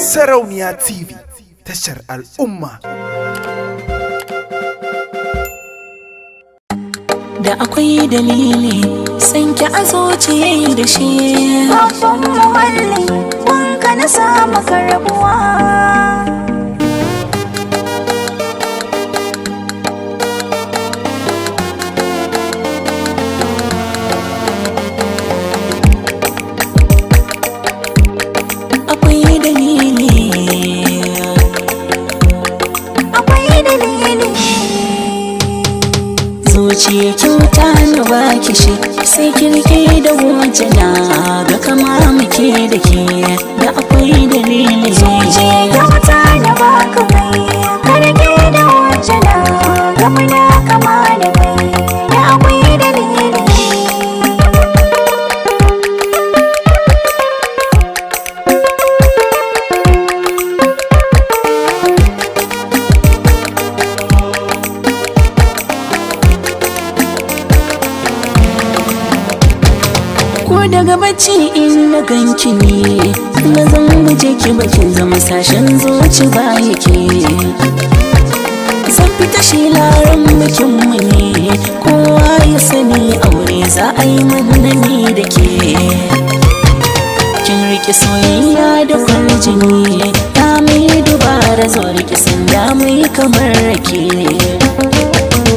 Sarauniya TV tashar al'umma. Da akwai dalili sanke a zuciye da shi. Babban muhalli wanka na samu karbuwa. cuta na baki shi sai kirki da wuce na ga kama muke da ke da akwai dalili zuciya na baka bai karke da wuce na ga ko daga bacci in na ganki ne na zan guje ki bakin zama sashen zuci ba yake zan fita shi laran bikin mu ne kowa ya sani aure za a yi mana da ke kin rike soyayya da kwarjini ta mai dubara zo rike sanda mai kamar rake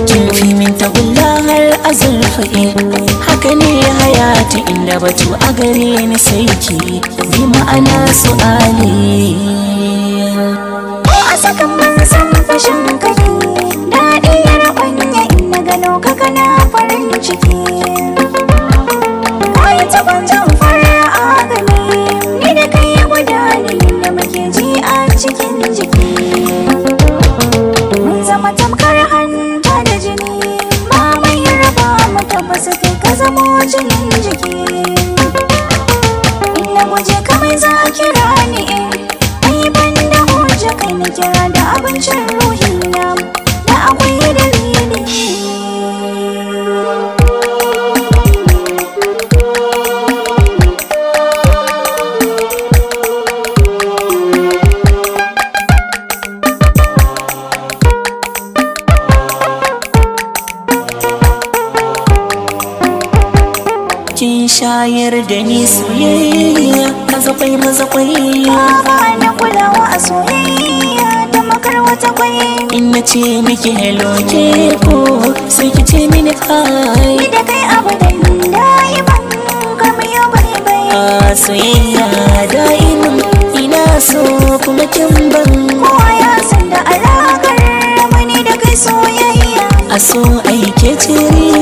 kin fi min tagulla har azurfa gani hayati ya inda batu a gare ni sai ki bi ma'ana su ali tabbas kai ka zamo jinin jiki na guje kawai za a kira eh. ai ban da hujja kai na kira da abincin ruhi na kin shayar da ni soyayya maza kwai maza kwai ba na kulawa a soyayya da makar wata kwai in ce miki hello ke ko sai ki ce mini hi ni da kai abu da nayi ban kamar yau bai bai a soyayya inu ina so kuma kin ban kowa ya san da mani da kai soyayya a so ke ce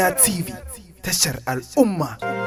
Kenya TV, tashar al'umma.